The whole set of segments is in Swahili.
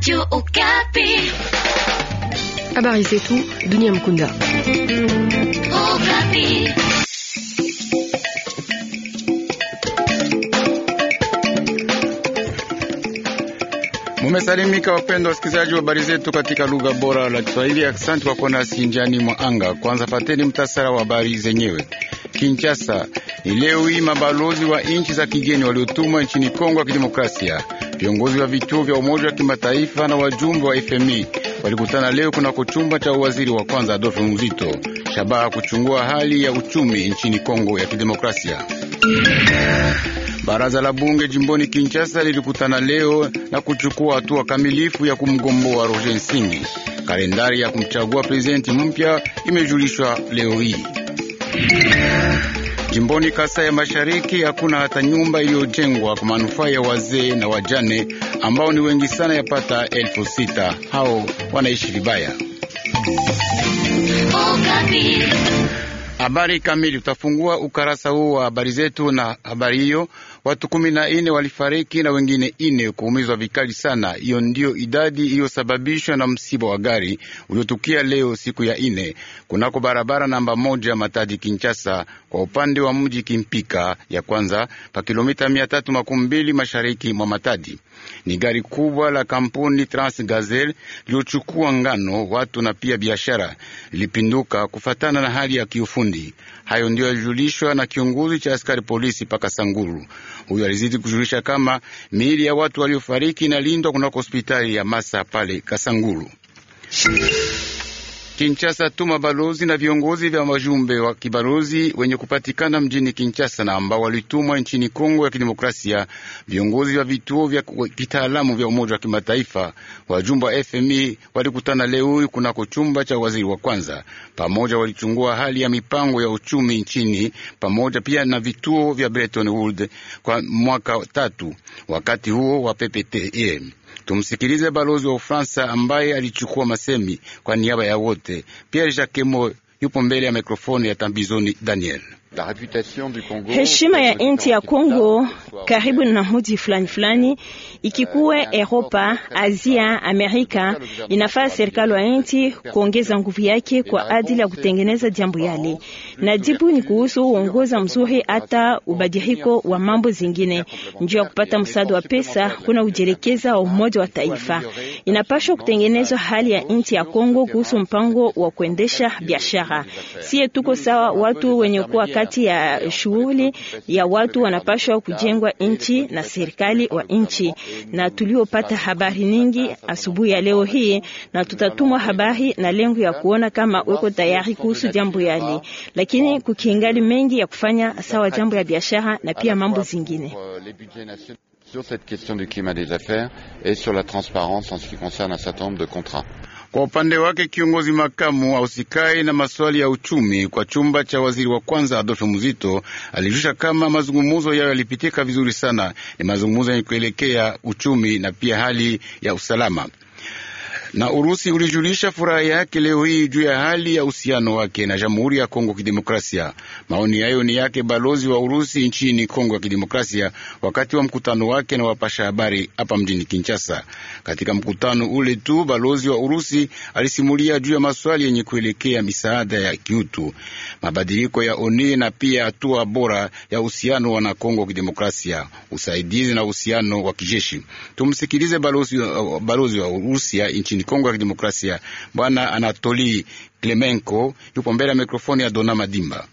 Radio Okapi. Habari zetu dunia mkunda. Okapi. Mumesalimika wapendwa wasikilizaji wa habari zetu katika lugha bora la Kiswahili. Asante kwa kuwa sinjani mwa anga. Kwanza fateni mtasara wa habari zenyewe. Kinshasa, leo hii mabalozi wa nchi za kigeni waliotumwa nchini Kongo ya Kidemokrasia Viongozi wa vituo vya Umoja wa Kimataifa na wajumbe wa FMI walikutana leo kunako chumba cha uwaziri wa kwanza Adolfo Muzito shabaha kuchungua hali ya uchumi nchini Kongo ya Kidemokrasia. Baraza la bunge jimboni Kinshasa lilikutana leo na kuchukua hatua kamilifu ya kumgomboa Roger Nsingi. Kalendari ya kumchagua prezidenti mpya imejulishwa leo hii. Jimboni Kasai ya Mashariki hakuna hata nyumba iliyojengwa kwa manufaa ya wazee na wajane ambao ni wengi sana, yapata elfu sita. Hao wanaishi vibaya. Habari kamili utafungua ukarasa huu wa habari zetu, na habari hiyo watu kumi na nne walifariki na wengine nne kuumizwa vikali sana. Hiyo ndiyo idadi iliyosababishwa na msiba wa gari uliotukia leo siku ya nne kunako barabara namba moja Matadi Kinchasa, kwa upande wa mji Kimpika ya kwanza pa kilomita mia tatu makumi mbili mashariki mwa Matadi. Ni gari kubwa la kampuni Trans Gazel liliochukua ngano, watu na pia biashara, lilipinduka kufatana na hali ya kiufundi. Hayo ndiyo yalijulishwa na kiongozi cha askari polisi paka Sanguru. Huyo alizidi kujulisha kama miili ya watu waliofariki inalindwa kunako hospitali ya Masa pale Kasanguru. Kinshasa tuma balozi na viongozi vya majumbe wa kibalozi wenye kupatikana mjini Kinshasa na ambao walitumwa nchini Kongo ya Kidemokrasia, viongozi vya vituo vya kitaalamu vya Umoja wa Kimataifa, wajumbe wa FMI walikutana leo kunako chumba cha waziri wa kwanza. Pamoja walichungua hali ya mipango ya uchumi nchini pamoja pia na vituo vya Bretton Woods kwa mwaka tatu, wakati huo wa PPTM. Tumsikilize balozi wa Ufaransa ambaye alichukua masemi kwa niaba ya wote. Pierre Jacquemot yupo mbele ya mikrofoni ya Tambizoni Daniel heshima ya nchi ya Kongo karibu na mji fulani fulani, ikikuwa euh, Europa, Asia, Amerika, inafaa serikali ya nchi kuongeza nguvu yake kwa ajili ya kutengeneza jambo yale, na jibu ni kuhusu uongoza mzuri, hata ubadiriko wa mambo zingine. Njia ya kupata msaada wa pesa kuna ujelekeza wa Umoja wa Taifa, inapaswa kutengenezwa hali ya nchi ya Kongo kuhusu mpango wa kuendesha biashara. Sie tuko sawa watu wenye kuwa kati ya shughuli ya watu wanapashwa kujengwa nchi na serikali wa nchi, na tuliopata habari nyingi asubuhi ya leo hii, na tutatumwa habari na lengo ya kuona kama weko tayari kuhusu jambo yale, lakini kukiingali mengi ya kufanya sawa jambo ya biashara na pia mambo zingine sur cette question du climat des affaires et sur la transparence en ce qui concerne un certain nombre de contrats. Kwa upande wake kiongozi makamu ausikai na maswali ya uchumi kwa chumba cha waziri wa kwanza Adolfo Muzito alijulisha kama mazungumzo yayo yalipitika vizuri sana. Ni mazungumzo yenye kuelekea uchumi na pia hali ya usalama na Urusi ulijulisha furaha yake leo hii juu ya hali ya uhusiano wake na Jamhuri ya Kongo Kidemokrasia. Maoni hayo ni yake balozi wa Urusi nchini Kongo ya Kidemokrasia wakati wa mkutano wake na wapasha habari hapa mjini Kinshasa. Katika mkutano ule tu, balozi wa Urusi alisimulia juu ya maswali yenye kuelekea misaada ya kiutu, mabadiliko ya ONU na pia hatua bora ya uhusiano wana na Kongo Kidemokrasia, usaidizi na uhusiano wa kijeshi. Tumsikilize balozi, balozi wa Urusi nchini nchini Kongo ya Kidemokrasia. Bwana Anatoli Klemenko yupo mbele ya mikrofoni ya Dona Madimba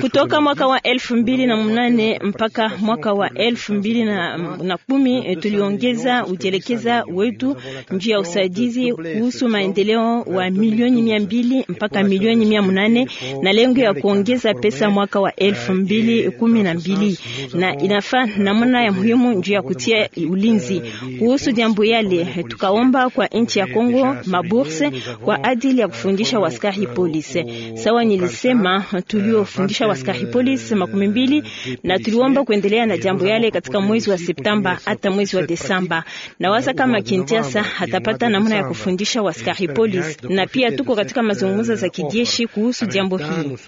kutoka mwaka wa elfu mbili na mnane mpaka mwaka wa elfu mbili na, na kumi eh, tuliongeza utelekeza wetu njia ya usaidizi kuhusu maendeleo wa milioni mia mbili mpaka milioni mia mnane na lengo ya kuongeza pesa mwaka wa elfu mbili kumi na mbili na inafaa namna ya muhimu njia ya kutia ulinzi kuhusu jambo yale. Tukaomba kwa nchi ya Kongo maburse kwa ajili ya kufundisha waskari polisi. Sawa nilisema tuliofundisha waskari eh, polisi makumi mbili eh, na tuliomba kuendelea na jambo yale katika mwezi wa Septemba hata mwezi wa Desemba. na wasa kama Kintiasa hatapata namna ya kufundisha waskari polisi, na pia tuko katika mazungumzo za kijeshi kuhusu jambo hili.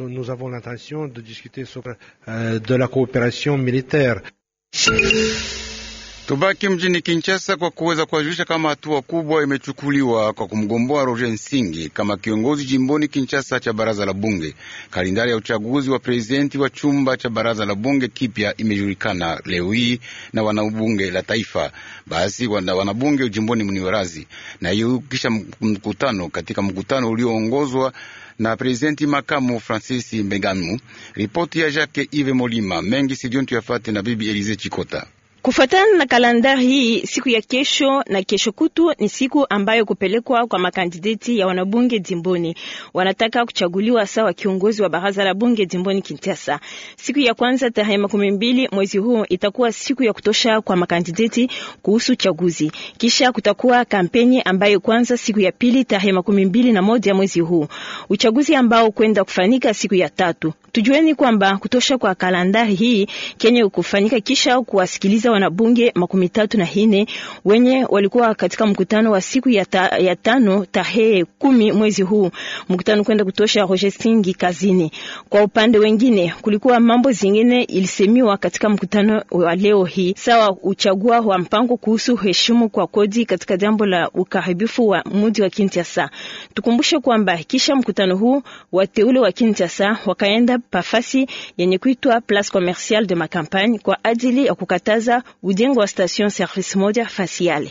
Tubaki mjini Kinshasa kwa kuweza kuwajulisha kama hatua kubwa imechukuliwa kwa kumgomboa Roger Nsingi kama kiongozi jimboni Kinshasa cha baraza la bunge. Kalendari ya uchaguzi wa prezidenti wa chumba cha baraza la bunge kipya imejulikana leo hii na wanabunge la taifa. Basi wanabunge jimboni Mniwerazi na hiyo kisha mkutano, katika mkutano ulioongozwa na prezidenti makamu Francis Mbegamu. Ripoti ya Jacques Ive Molima mengi sidiontu yafate na bibi Elize Chikota. Kufuatana na kalenda hii, siku ya kesho na kesho kutu ni siku ambayo kupelekwa kwa makandideti ya wanabunge jimboni. Wanataka kuchaguliwa sawa kiongozi wa baraza la bunge jimboni Kinshasa. Siku ya kwanza tarehe makumi mbili mwezi huu itakuwa siku ya kutosha kwa makandideti kuhusu chaguzi. Kisha kutakuwa kampeni ambayo kwanza siku ya pili tarehe makumi mbili na moja mwezi huu. Uchaguzi ambao kwenda kufanyika siku ya tatu. Tujueni kwamba kutosha kwa kalandari hii kenye kufanyika kisha kuwasikiliza wanabunge makumi tatu na hine wenye walikuwa katika mkutano wa siku ya, ta, ya tano tarehe kumi mwezi huu, mkutano kwenda kutosha Roger Singi kazini. Kwa upande wengine, kulikuwa mambo zingine ilisemiwa katika mkutano wa leo hii, sawa uchagua wa mpango kuhusu heshimu kwa kodi katika jambo la ukaribifu wa mji wa Kinshasa. Tukumbushe kwamba kisha mkutano huu wateule wa Kinshasa wakaenda pafasi yenye kuitwa Place Commerciale de Campagne kwa ajili ya kukataza ujengo wa station service moja fasiale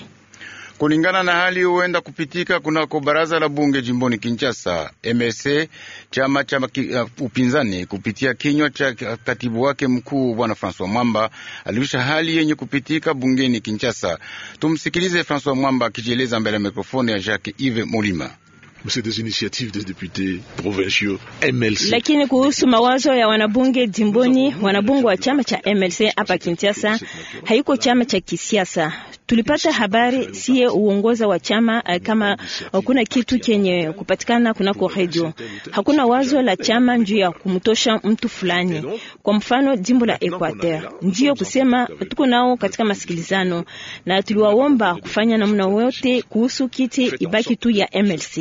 kulingana na hali huenda kupitika kunako baraza la bunge jimboni Kinshasa. MSA chama cha uh, upinzani kupitia kinywa cha katibu wake mkuu bwana Francois Mwamba aliwisha hali yenye kupitika bungeni Kinshasa. Tumsikilize Francois Mwamba akijieleza mbele ya mikrofoni ya Jacques Ive Mulima. C'est des initiatives des députés provinciaux MLC. Lakini kuhusu mawazo ya wanabunge jimboni, wanabunge wa chama cha MLC hapa Kinshasa haiko chama cha kisiasa. Tulipata habari siye uongoza wa chama eh, kama kuna kitu kenye kupatikana kunako redio. Hakuna wazo la chama njuu ya kumtosha mtu fulani, kwa mfano jimbo la Equateur. Ndiyo kusema tuko nao katika masikilizano na tuliwaomba kufanya namna yote kuhusu kiti ibaki tu ya MLC.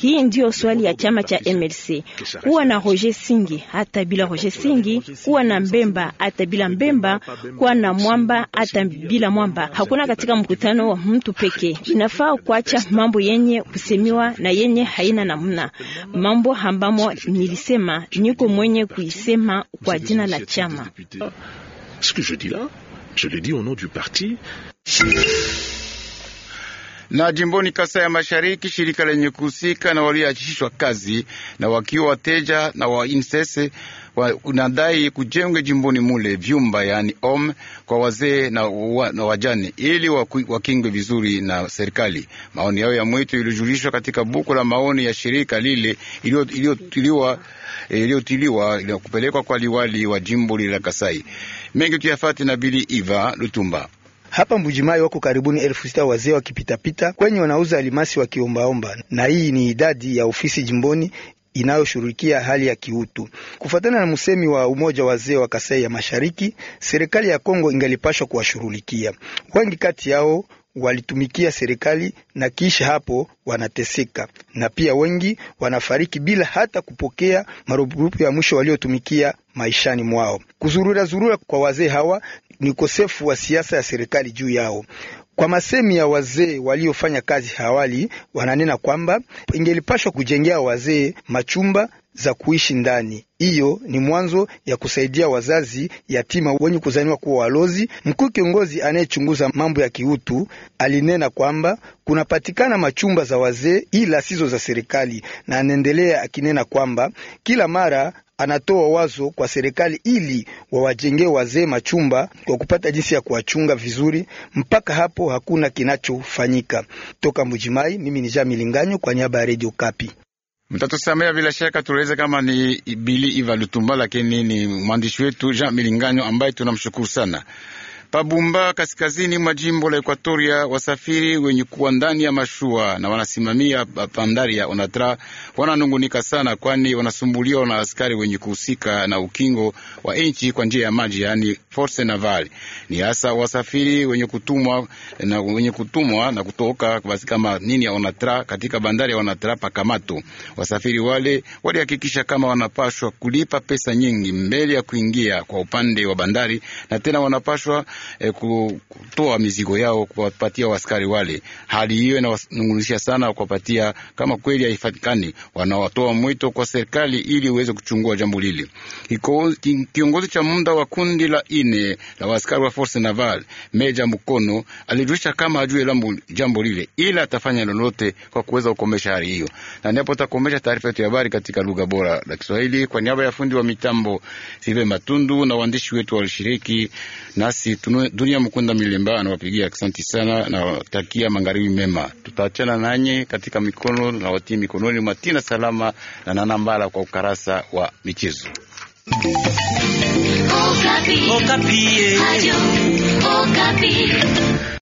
Hii ndio swali ya chama cha MLC. Kuwa na Roger Singi hata bila Roger Singi, kuwa na Mbemba hata bila Mbemba, kuwa na Mwamba hata bila Mwamba. Hakuna katika mkutano wa mtu pekee. Inafaa kuacha mambo yenye kusemiwa na yenye haina namna, mambo ambamo nilisema niko mwenye kuisema kwa jina la chama. Na jimboni kasa ya Mashariki, shirika lenye kuhusika na walioachishwa kazi na wakiwa wateja na wa insese unadai kujengwe jimboni mule vyumba yaani om kwa wazee na, wa, na wajane ili wakingwe vizuri na serikali. Maoni yao ya mwito ilijulishwa katika buku la maoni ya shirika lile iliyotiliwa kupelekwa kwa liwali wa jimbo lile la Kasai. Mengi tuyafati na Bili Iva Lutumba. Hapa Mbujimai wako karibuni elfu sita wazee wakipitapita kwenye wanauza alimasi wakiombaomba, na hii ni idadi ya ofisi jimboni inayoshughulikia hali ya kiutu. Kufuatana na msemi wa umoja wazee wa Kasai ya Mashariki, serikali ya Kongo ingalipashwa kuwashughulikia. Wengi kati yao walitumikia serikali na kisha hapo wanateseka, na pia wengi wanafariki bila hata kupokea marupurupu ya mwisho waliotumikia maishani mwao. Kuzurura zurura kwa wazee hawa ni ukosefu wa siasa ya serikali juu yao. Kwa masemi ya wazee waliofanya kazi hawali, wananena kwamba ingelipashwa kujengea wazee machumba za kuishi ndani. Hiyo ni mwanzo ya kusaidia wazazi yatima wenye kuzaniwa kuwa walozi. Mkuu kiongozi anayechunguza mambo ya kiutu alinena kwamba kunapatikana machumba za wazee ila sizo za serikali, na anaendelea akinena kwamba kila mara anatoa wazo kwa serikali ili wawajengee wazee machumba kwa kupata jinsi ya kuwachunga vizuri. Mpaka hapo hakuna kinachofanyika. Toka Mujimai, mimi ni Jean Milinganyo kwa niaba ya Radio Kapi. Mtatusamea bila shaka, tuleze kama ni Bili Iva Lutumba, lakini ni mwandishi wetu Jean Milinganyo ambaye tunamshukuru sana. Pabumba, kaskazini mwa jimbo la Ekuatoria, wasafiri wenye kuwa ndani ya mashua na wanasimamia bandari ya Onatra wananungunika sana, kwani wanasumbuliwa na askari wenye kuhusika na ukingo wa nchi kwa njia ya maji, yaani force navale. Ni hasa wasafiri wenye kutumwa na, wenye kutumwa na kutoka kama nini ya Onatra katika bandari ya Onatra Pakamato. Wasafiri wale walihakikisha kama wanapashwa kulipa pesa nyingi mbele ya kuingia kwa upande wa bandari na tena wanapashwa eh, kutoa mizigo yao kuwapatia waskari wale. Hali hiyo inanungunisha sana kuwapatia, kama kweli haifatikani, wanawatoa mwito kwa serikali ili iweze kuchungua jambo lile. Kiongozi cha muda wa kundi la ine la waskari wa force naval Meja Mukono alijulisha kama ajue jambo lile, ila atafanya lolote kwa kuweza kukomesha hali hiyo, na ndipo takomesha taarifa yetu ya habari katika lugha bora la Kiswahili kwa niaba ya fundi wa mitambo Sive Matundu na waandishi wetu walishiriki nasi dunia mkunda milemba, anawapigia asanti sana, na takia magharibi mema. Tutaachana nanye katika mikono na watii mikononi matina salama na nanambala kwa ukarasa wa michezo Okapi. Okapi. Eh.